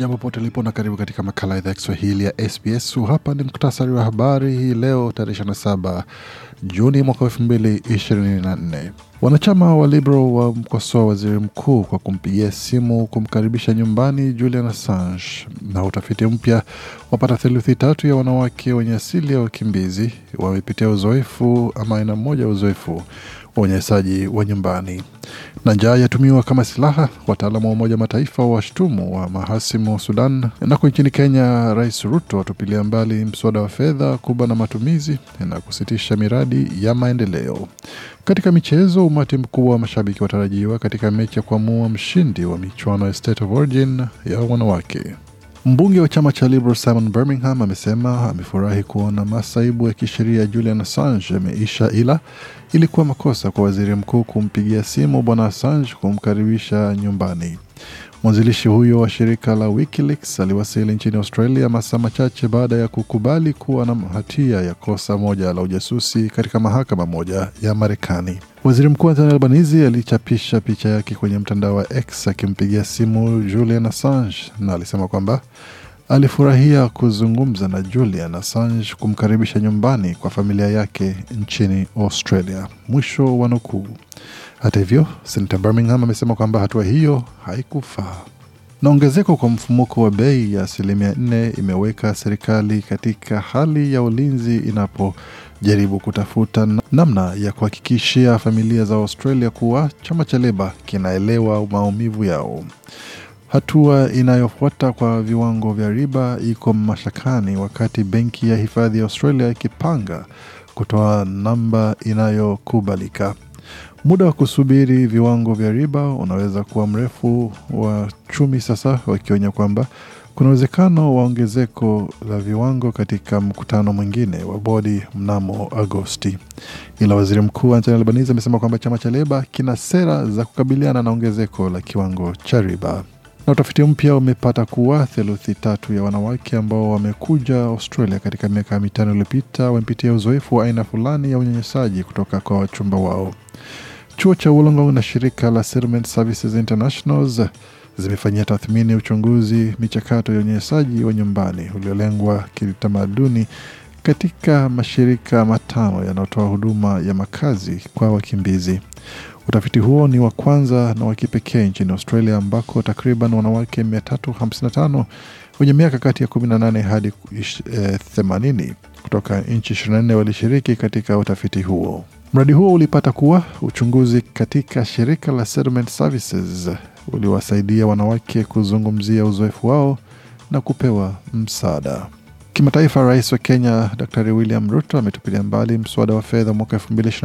Jambo pote lipo na karibu katika makala idhaa ya Kiswahili ya SBS. Hapa ni muktasari wa habari hii leo tarehe 27 Juni mwaka 2024. Wanachama wa Liberal wamkosoa waziri mkuu kwa kumpigia simu kumkaribisha nyumbani Julian Assange. Na utafiti mpya wapata theluthi tatu ya wanawake wenye asili ya wakimbizi wamepitia uzoefu ama aina mmoja ya uzoefu wa unyanyasaji wa nyumbani. Na njaa yatumiwa kama silaha, wataalamu wa Umoja Mataifa washtumu wa mahasimu wa Sudan. Nako nchini Kenya, Rais Ruto atupilia mbali mswada wa fedha kubwa na matumizi na kusitisha miradi ya maendeleo. Katika michezo, umati mkubwa wa mashabiki watarajiwa katika mechi ya kuamua mshindi wa michuano ya State of Origin ya wanawake. Mbunge wa chama cha Liberal Simon Birmingham amesema amefurahi kuona masaibu ya kisheria Julian Assange yameisha, ila ilikuwa makosa kwa waziri mkuu kumpigia simu bwana Assange kumkaribisha nyumbani. Mwanzilishi huyo wa shirika la WikiLeaks aliwasili nchini Australia masaa machache baada ya kukubali kuwa na hatia ya kosa moja la ujasusi katika mahakama moja ya Marekani. Waziri Mkuu Anthony Albanese alichapisha picha yake kwenye mtandao wa X akimpigia simu Julian Assange na alisema kwamba alifurahia kuzungumza na Julian Assange kumkaribisha nyumbani kwa familia yake nchini Australia. Mwisho wa nukuu. Hata hivyo, senata Birmingham amesema kwamba hatua hiyo haikufaa na ongezeko kwa mfumuko wa bei ya asilimia nne imeweka serikali katika hali ya ulinzi inapojaribu kutafuta namna ya kuhakikishia familia za Australia kuwa chama cha Leba kinaelewa maumivu yao. Hatua inayofuata kwa viwango vya riba iko mashakani wakati benki ya hifadhi ya Australia ikipanga kutoa namba inayokubalika. Muda wa kusubiri viwango vya riba unaweza kuwa mrefu, wa chumi sasa wakionya kwamba kuna uwezekano wa ongezeko la viwango katika mkutano mwingine wa bodi mnamo Agosti. Ila waziri mkuu Anthony Albanese amesema kwamba chama cha Leba kina sera za kukabiliana na ongezeko la kiwango cha riba. Na utafiti mpya umepata kuwa theluthi tatu ya wanawake ambao wamekuja Australia katika miaka mitano iliyopita wamepitia uzoefu wa aina fulani ya unyanyasaji kutoka kwa wachumba wao. Chuo cha Wollongong na shirika la Settlement Services Internationals zimefanyia tathmini uchunguzi michakato ya unyanyasaji wa nyumbani uliolengwa kitamaduni katika mashirika matano yanayotoa huduma ya makazi kwa wakimbizi. Utafiti huo ni wa kwanza na wa kipekee nchini Australia ambako takriban wanawake 355 wenye miaka kati ya 18 hadi 80 eh, kutoka nchi 24 walishiriki katika utafiti huo. Mradi huo ulipata kuwa uchunguzi katika shirika la Settlement Services uliwasaidia wanawake kuzungumzia uzoefu wao na kupewa msaada. Kimataifa, rais wa Kenya Dr William Ruto ametupilia mbali mswada wa fedha mwaka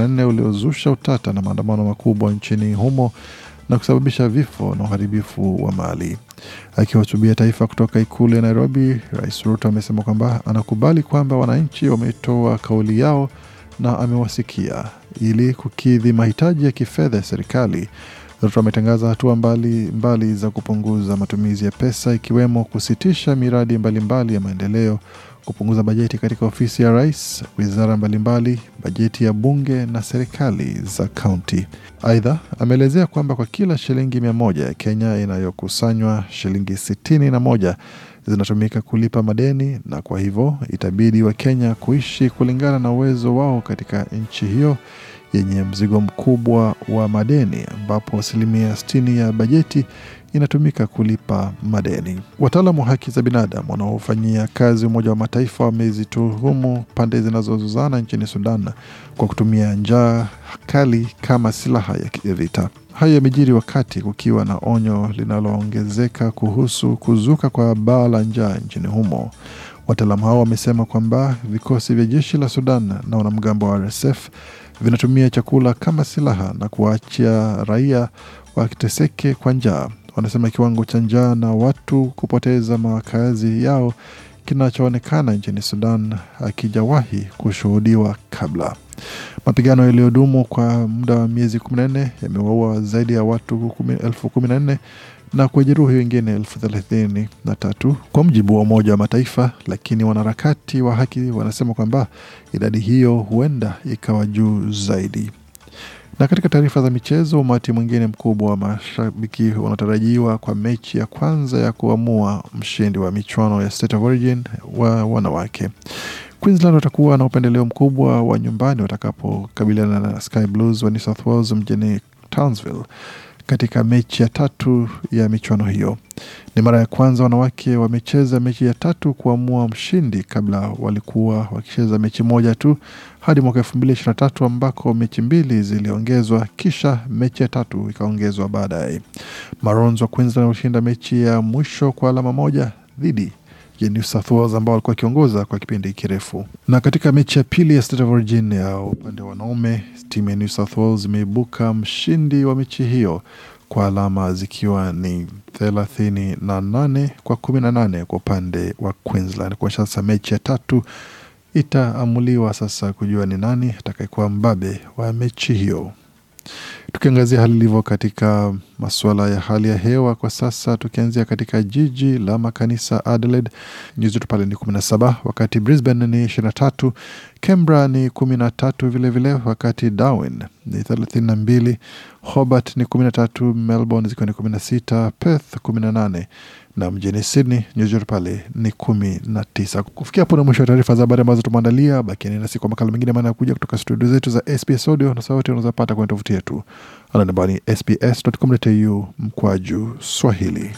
nne uliozusha utata na maandamano makubwa nchini humo na kusababisha vifo na uharibifu wa mali. Akihutubia taifa kutoka ikulu ya Nairobi, Rais Ruto amesema kwamba anakubali kwamba wananchi wametoa kauli yao na amewasikia ili kukidhi mahitaji ya kifedha ya serikali Ruto ametangaza hatua mbali mbali za kupunguza matumizi ya pesa ikiwemo kusitisha miradi mbalimbali mbali ya maendeleo, kupunguza bajeti katika ofisi ya rais, wizara mbalimbali bajeti ya bunge na serikali za kaunti. Aidha, ameelezea kwamba kwa kila shilingi mia moja ya Kenya inayokusanywa shilingi sitini na moja zinatumika kulipa madeni na kwa hivyo itabidi Wakenya kuishi kulingana na uwezo wao katika nchi hiyo yenye mzigo mkubwa wa madeni ambapo asilimia 60 ya bajeti inatumika kulipa madeni. Wataalamu wa haki za binadamu wanaofanyia kazi Umoja wa Mataifa wamezituhumu pande zinazozozana nchini Sudan kwa kutumia njaa kali kama silaha ya vita. Hayo yamejiri wakati kukiwa na onyo linaloongezeka kuhusu kuzuka kwa baa la njaa nchini humo. Wataalamu hao wamesema kwamba vikosi vya jeshi la Sudan na wanamgambo wa RSF vinatumia chakula kama silaha na kuwaachia raia wakiteseke kwa njaa. Wanasema kiwango cha njaa na watu kupoteza makazi yao kinachoonekana nchini Sudan hakijawahi kushuhudiwa kabla. Mapigano yaliyodumu kwa muda wa miezi 14 yamewaua zaidi ya watu elfu kumi na nne na kujeruhi wengine elfu thelathini na tatu kwa mjibu wa Umoja wa Mataifa, lakini wanaharakati wa haki wanasema kwamba idadi hiyo huenda ikawa juu zaidi. Na katika taarifa za michezo, umati mwingine mkubwa wa mashabiki unatarajiwa kwa mechi ya kwanza ya kuamua mshindi wa michuano ya State of Origin wa wanawake. Queensland watakuwa na upendeleo mkubwa wa nyumbani watakapokabiliana na Sky Blues wa New South Wales mjini Townsville katika mechi ya tatu ya michuano hiyo. Ni mara ya kwanza wanawake wamecheza mechi ya tatu kuamua mshindi. Kabla walikuwa wakicheza mechi moja tu hadi mwaka elfu mbili ishirini na tatu ambako mechi mbili ziliongezwa, kisha mechi ya tatu ikaongezwa baadaye. Maroons wa Queensland walishinda mechi ya mwisho kwa alama moja dhidi Jenisa ambao alikuwa akiongoza kwa kipindi kirefu. Na katika mechi ya pili ya State of Virginia upande wa wanaume, timu ya New South Wales imeibuka mshindi wa mechi hiyo kwa alama zikiwa ni thelathini na nane kwa kumi na nane kwa upande wa Queensland. Kwa sasa mechi ya tatu itaamuliwa sasa kujua ni nani atakayekuwa mbabe wa mechi hiyo. Tukiangazia hali ilivyo katika masuala ya hali ya hewa kwa sasa, tukianzia katika jiji la makanisa Adelaide, nyuzi joto pale ni 17, wakati Brisbane ni 23, Canberra ni 13 vilevile vile, wakati Darwin ni 32, Hobart ni 13, Melbourne zikiwa ni 16, Perth nane na mjini Sydney nyuzi joto pale ni kumi na tisa. Kufikia hapo na mwisho wa taarifa za habari ambazo tumeandalia. Bakieni nasi kwa makala mengine maana ya kuja kutoka studio zetu za SBS Audio na sauti unazopata kwenye tovuti yetu ananambani sbs.com.au mkwaju Swahili.